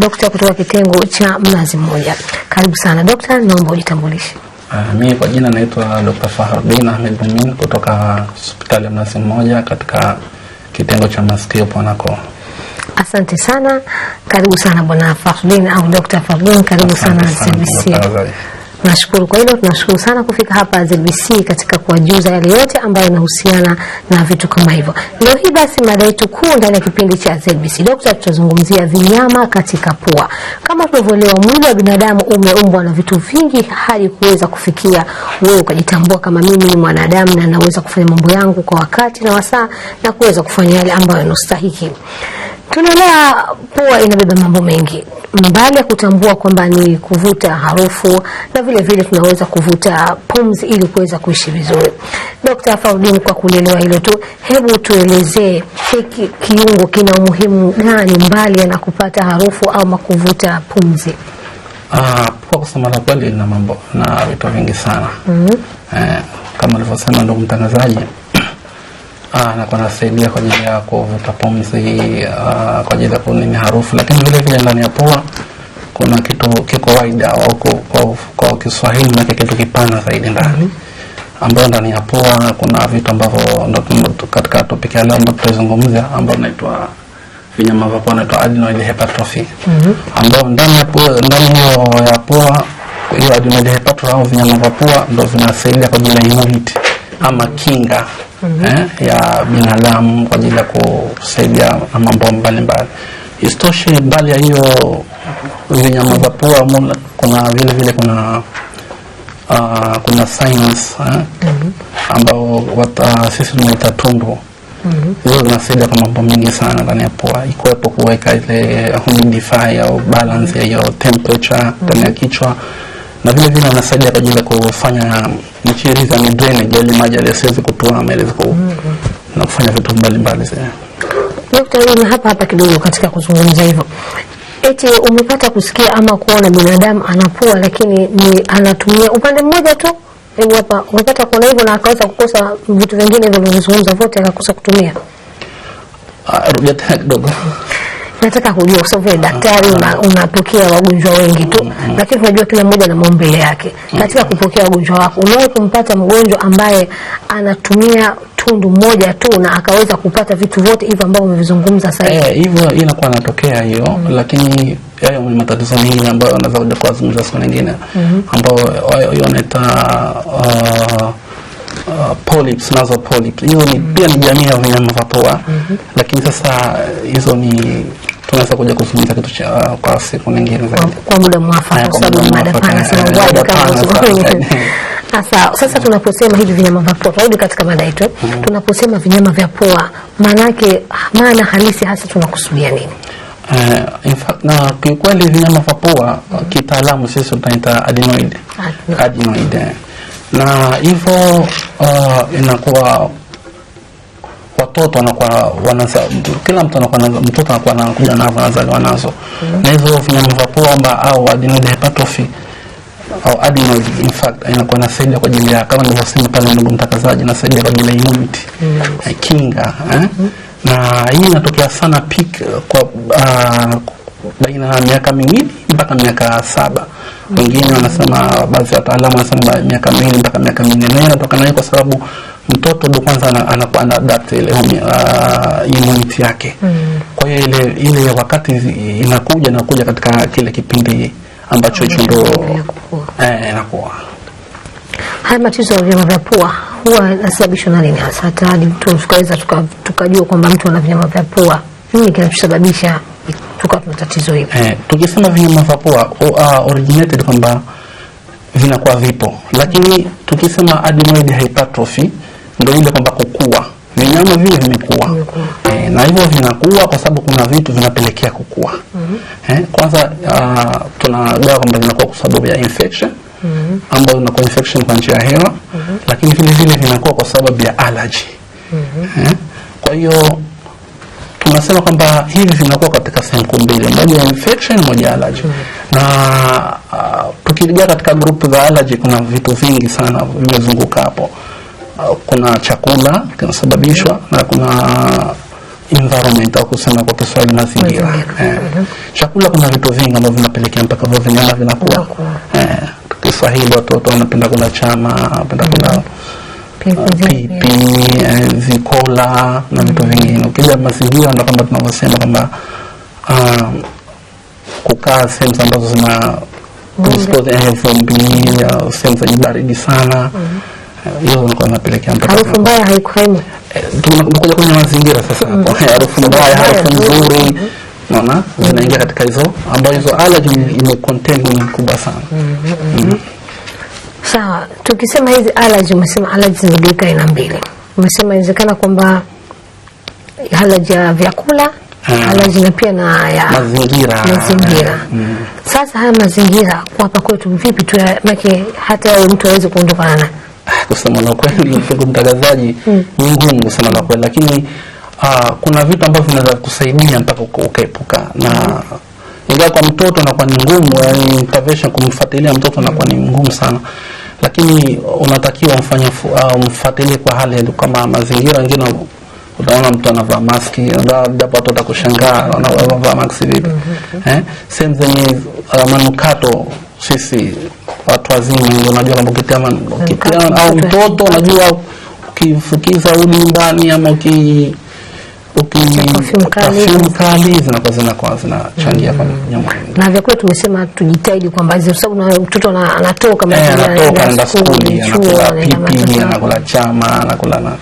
dokta kutoka kitengo cha Mnazi Mmoja. Karibu sana dokta, naomba ujitambulishe. Uh, mimi kwa jina naitwa Dr. Fahrudin Ahmed Mumin kutoka hospitali ya Mnazi Mmoja katika kitengo cha masikio ponako Asante sana, karibu sana bwana Fahrudin au Dr. Fahrudin, karibu asante sana, sana. Nashukuru kwa hilo, tunashukuru sana kufika hapa ZBC katika kuwajuza yale yote ambayo yanahusiana na vitu kama hivyo. Leo hii basi mada yetu kuu ndani ya kipindi cha ZBC Dokta tutazungumzia vinyama katika pua. Kama tunavyoelewa, mwili wa binadamu umeumbwa na vitu vingi hadi kuweza kufikia wewe ukajitambua kama mimi ni mwanadamu na naweza kufanya mambo yangu kwa wakati na wasaa na kuweza kufanya yale ambayo yanastahili. Tunaelewa pua inabeba mambo mengi, mbali ya kutambua kwamba ni kuvuta harufu na vile vile tunaweza kuvuta pumzi ili kuweza kuishi vizuri. Dr. Faudin, kwa kulielewa hilo tu, hebu tuelezee hiki kiungo kina umuhimu gani mbali na kupata harufu ama kuvuta pumzi? Ah, pua kusema la kweli ina mambo na vitu vingi sana mm -hmm. Eh, kama alivyosema ndugu mtangazaji Aa, ah, na kunasaidia kwa ajili ya kuvuta pumzi, ah, kwa ajili ya kunini harufu, lakini vile vile ndani ya pua kuna kitu kiko wide au kwa, kwa Kiswahili na kitu kipana zaidi ndani ambayo ndani ya pua kuna vitu ambavyo ndo katika topic ya leo ambayo tutazungumzia ambayo inaitwa vinyama vya pua inaitwa adenoid hypertrophy mm -hmm. ambayo ndani ya pua ndani ya pua hiyo adenoid hypertrophy au vinyama vya pua ndo vinasaidia kwa ajili ya immunity ama kinga mm -hmm. eh, ya binadamu kwa ajili ya kusaidia mambo mbalimbali. Isitoshe, mbali ya hiyo vinyama vya pua, kuna vile vile kuna uh, kuna science eh, mm -hmm. ambao wata, ah, sisi tunaita tumbo Mm hizo -hmm. zinasaidia kwa mambo mingi sana ndani ya pua, ikiwepo kuweka ile humidify au balance ya hiyo temperature ndani mm -hmm. ya mhm. kichwa na vile vile anasaidia kwa ajili ya kufanya mchirizi za drainage ili maji kutoa maelezo kwa na kufanya vitu mbalimbali zaidi. Dokta, hapa hapa kidogo katika kuzungumza hivyo Eti umepata kusikia ama kuona binadamu anapua lakini ni anatumia upande mmoja tu? Hebu hapa umepata kuona hivyo na akaweza kukosa vitu vingine vilivyozungumza vyote akakosa kutumia. Ah, rudia tena kidogo nataka kujua kwa sababu daktari unapokea wagonjwa wengi tu Lakini unajua kila mmoja na maumbile yake Katika kupokea wagonjwa wako, umewahi kumpata mgonjwa ambaye anatumia tundu moja tu na akaweza kupata vitu vyote hivyo ambavyo umevizungumza sasa hivi? Eh, hivyo inakuwa natokea hiyo mm Lakini hayo eh, ni matatizo mengine ambayo naweza tukazungumza siku nyingine mm -hmm. ambayo eh, hiyo inaita uh, polyps nazo polyps hiyo ni mm -hmm. pia ni jamii ya wanyama vya mm -hmm. Lakini sasa hizo ni tunaweza kuja kufunza kitu cha uh, kwa siku nyingine kwa muda mwafaka, kwa sababu mada pana sana sasa. Sasa tunaposema hivi vinyama vya pua, turudi katika mada yetu. Mm-hmm. Tunaposema vinyama vya pua, maana yake maana halisi hasa tunakusudia nini? Uh, in fact na kiukweli vinyama vya pua mm-hmm. kitaalamu sisi tunaita adenoid adenoid, eh. na hivyo uh, inakuwa watoto wanakuwa wanaza, kila mtu anakuwa mtoto anakuwa anakuja na anazaliwa nazo na hizo vinyama vya pamba au adenoid hypertrophy au adenoid in fact inakuwa nasaidia kwa ajili ya kama nilivyosema pale, ndugu mtakazaji, nasaidia kwa ajili ya immunity mm kinga eh? mm -hmm. na hii inatokea sana peak kwa uh, baina ya miaka miwili mpaka miaka saba. Wengine wanasema, baadhi ya wataalamu wanasema miaka miwili mpaka miaka minne, na hiyo inatokana hiyo kwa sababu mtoto ndo kwanza anakuwa ana adapt ile uh, immunity yake. Mm. Kwa hiyo ile ile wakati inakuja nakuja katika kile kipindi ambacho hicho ndo eh, inakuwa haya matizo ya vyama vya pua huwa nasababishwa na nini hasa? Hata tukaweza tukajua kwamba mtu ana vyama vya pua, nini kinachosababisha tukawa tuna tatizo hili eh, tukisema vyuma vya pua uh, originated kwamba vinakuwa vipo, lakini tukisema adenoid hypertrophy ndio ile kwamba kukua vinyama vile vimekuwa eh, na hivyo vinakuwa kwa sababu kuna vitu vinapelekea kukua mm -hmm. eh, kwanza uh, tunagawa kwamba vinakuwa kwa sababu ya infection Mm -hmm. ambayo inakuwa infection kwa njia ya hewa mm -hmm. lakini vile vile vinakuwa kwa sababu ya allergy mm -hmm. eh? Kwa hiyo tunasema kwamba hivi vinakuwa katika sehemu mbili, moja ya infection, moja ya allergy. Mm-hmm. Na uh, tukija katika group za allergy kuna vitu vingi sana vimezunguka hapo. Uh, kuna chakula kinasababishwa na kuna environment au kusema kwa Kiswahili mazingira. Eh, chakula kuna vitu vingi ambavyo vinapelekea mpaka hivyo vinyama vinakuwa. Eh, Kiswahili watoto wanapenda kula chama, wanapenda kula mm-hmm. pipi, zikola uh, eh, na vitu vingine. Ukija mazingira ndio kama tunavyosema kwamba Ah, kukaa sehemu ambazo zina vumbi sehemu zenye baridi sana hiyo mm. inapelekea harufu mbaya haikuhemu. Eh, Tunakuja kwenye mazingira sasa mm-hmm. harufu mbaya, harufu nzuri naona mm-hmm. zinaingia katika hizo ambayo hizo allergy ime ni kubwa sana. Mm-hmm, Sawa, tukisema hizi allergy, umesema allergy zinajulikana aina mbili, umesema inawezekana kwamba allergy ya vyakula Ah, lazima pia na ya mazingira, mazingira. Mm. Sasa haya mazingira kwa hapa kwetu vipi tu make hata yeye mtu aweze kuondokana ah, kusema na kweli ndugu mtangazaji, ni mm. ngumu kusema na kweli, lakini uh, kuna vitu ambavyo vinaweza kusaidia mpaka ukaepuka na mm. ingawa kwa mtoto nakuwa ni ngumu, yani intervention kumfuatilia mtoto nakuwa ni ngumu sana, lakini unatakiwa uh, mfuatilie kwa hali kama mazingira wengine Utaona mtu anavaa maski, japo watu watakushangaa anavaa maski vipi. Eh, sehemu zenye manukato sisi watu wazima ndio unajua kwamba ukitia au mtoto unajua ukifukiza udi ndani ama uki ukifyumu kali zinakuwa zinakuwa zinachangia kwa nyama. Na vya kwetu tumesema tujitahidi kwamba hizo, sababu na mtoto anatoka eh, anatoka anaenda skuli, anakula pipi, anakula chama, anakula na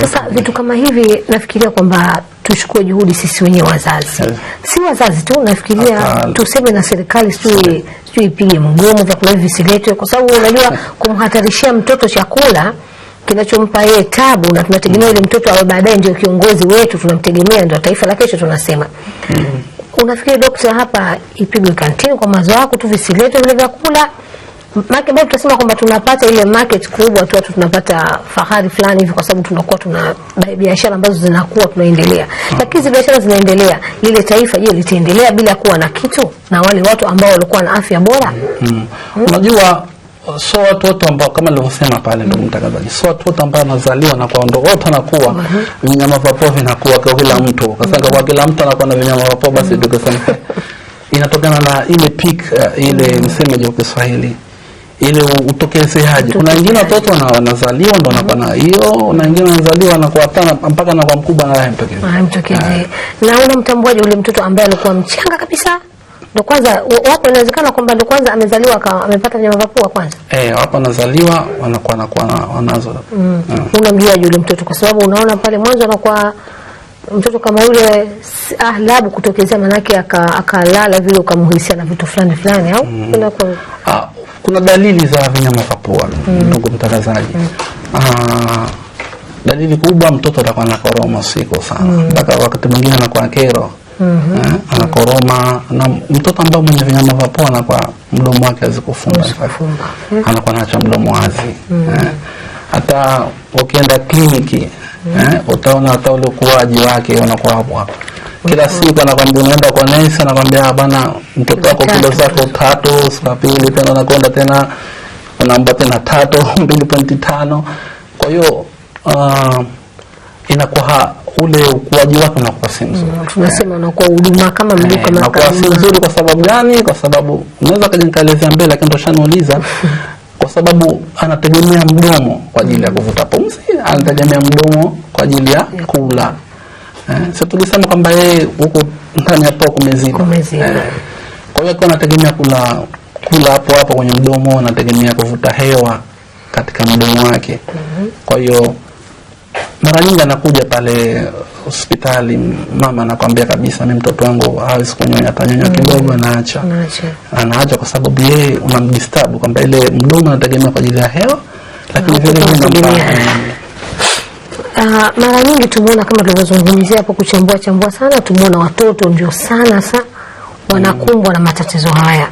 sasa vitu kama hivi nafikiria kwamba tuchukue juhudi sisi wenye wazazi, eh. si wazazi tu, nafikiria tuseme na serikali, sijui eh. sijui ipige mgomo, vyakula hivi visiletwe, kwa sababu unajua eh. kumhatarishia mtoto chakula kinachompa yeye tabu, na tunategemea ile mm. mtoto awe baadaye ndio kiongozi wetu, tunamtegemea ndio taifa la kesho, tunasema mm. Unafikiri dokta, hapa ipigwe kantini kwa mazoako tu, visiletwe vile vyakula market bado tunasema kwamba tunapata ile market kubwa tu, watu tunapata fahari fulani hivi, kwa sababu tunakuwa tuna biashara ambazo zinakuwa tunaendelea mm. Lakini hizi biashara zinaendelea, lile taifa je, litaendelea bila kuwa na kitu na wale watu ambao walikuwa na afya bora? Mm. Unajua mm. mm. So watu wote ambao kama nilivyosema pale, ndugu mm. mtangazaji, so watu wote ambao wanazaliwa na kwao ndo wote wanakuwa mm-hmm. vinyama vya povu, inakuwa kwa kila mtu kwa sababu kwa mm-hmm. kila mtu anakuwa na vinyama vya povu. Basi mm-hmm. tukasema inatokana na ile peak, eh, ile msemaji kwa Kiswahili ile utokezeaje. Kuna wengine watoto na wanazaliwa ndo wanakuwa na hiyo, na wengine wanazaliwa wanakuwa hapana, mpaka na kwa mkubwa na hayamtokezei. Hayamtokezei. Eh. Na unamtambuaje yule mtoto ambaye alikuwa mchanga kabisa? Ndo kwanza wapo, inawezekana kwamba ndo kwanza amezaliwa amepata nyama za pua kwanza. Eh, wapo anazaliwa wanakuwa na kwa wanazo. Mm. Eh. Unamjua yule mtoto kwa sababu unaona pale mwanzo anakuwa mtoto kama yule ahlabu kutokezea, manake akalala aka vile ukamhisia na vitu fulani fulani au mm. kuna kwa... ah kuna dalili za vinyama vya pua mm. ndugu mm. mtangazaji mm. Aa, ah, dalili kubwa mtoto atakuwa koroma siku sana mm. mpaka mm. wakati mwingine anakuwa kero mm -hmm. Eh, anakoroma na mtoto ambao mwenye vinyama vya pua anakuwa mdomo wake azikufunga eh, anakuwa anaacha mdomo wazi mm. hata ukienda kliniki mm. utaona hata ule ukuaji wake unakuwa hapo hapo kila siku anakwambia unaenda kwa nesi, anakwambia ah, bana, mtoto wako kilo zako tatu, siku pili tena anakwenda tena anampa tena tatu mbili pointi tano. Kwa hiyo uh, inakuwa ule ukuaji wake unakuwa si mzuri. Mm, tunasema unakuwa huduma kama mlio eh, kama unakuwa si mzuri. Kwa sababu gani? Kwa sababu unaweza kaja nikaelezea mbele, lakini toshaniuliza kwa sababu anategemea mdomo kwa ajili ya kuvuta pumzi, anategemea mdomo kwa ajili ya kula Eh, Sasa tulisema kwamba yeye huko ndani hapo kumezika. Kumezika. Eh, kwa hiyo akiwa anategemea kula kula hapo hapo kwenye mdomo, anategemea kuvuta hewa katika mdomo wake. Mhm. Kwa hiyo mara nyingi anakuja pale hospitali, mama anakwambia kabisa, mimi mtoto wangu hawezi kunyonya, atanyonya mhm. kidogo anaacha. Anaacha kwa sababu yeye unamdisturb kwamba ile mdomo anategemea kwa ajili ya hewa, lakini ah, vile vile Uh, mara nyingi tumeona kama tulivyozungumzia hapo kuchambua chambua sana, tumeona watoto ndio sana sa wanakumbwa na matatizo haya.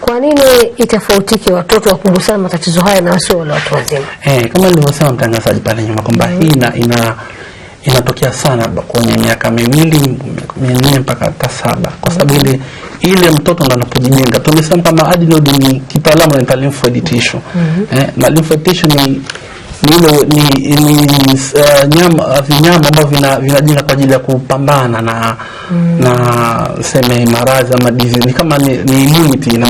Kwa nini itafautike watoto wakumbwa sana matatizo haya na wasio wale watu wazima? Eh, kama nilivyosema mtangazaji pale nyuma kwamba mm. hii ina, ina inatokea sana kwenye miaka miwili minne mpaka hata saba, kwa sababu mm. ile ile mtoto ndo anapojijenga. Tumesema kama adenoid ni kitaalamu ni lymphoid tissue mm -hmm. eh, na lymphoid tissue ni hilo ni, ni, ni uh, nyama, vinyama ambavyo vina, vinajina kwa ajili ya kupambana na mm. na seme maradhi ama disease, ni kama ni, ni immunity na